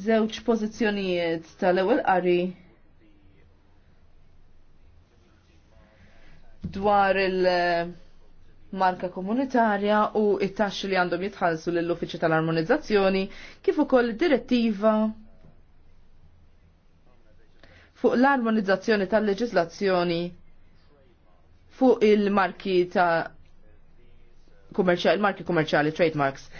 żewġ pożizzjonijiet tal-ewwel qari dwar il-marka komunitarja u it-taxxi li għandhom jitħallsu lill uffiċċju tal-armonizzazzjoni kif ukoll direttiva fuq l-armonizzazzjoni tal-leġislazzjoni fuq il-marki ta' kummerċjali, il-marki kummerċjali trademarks.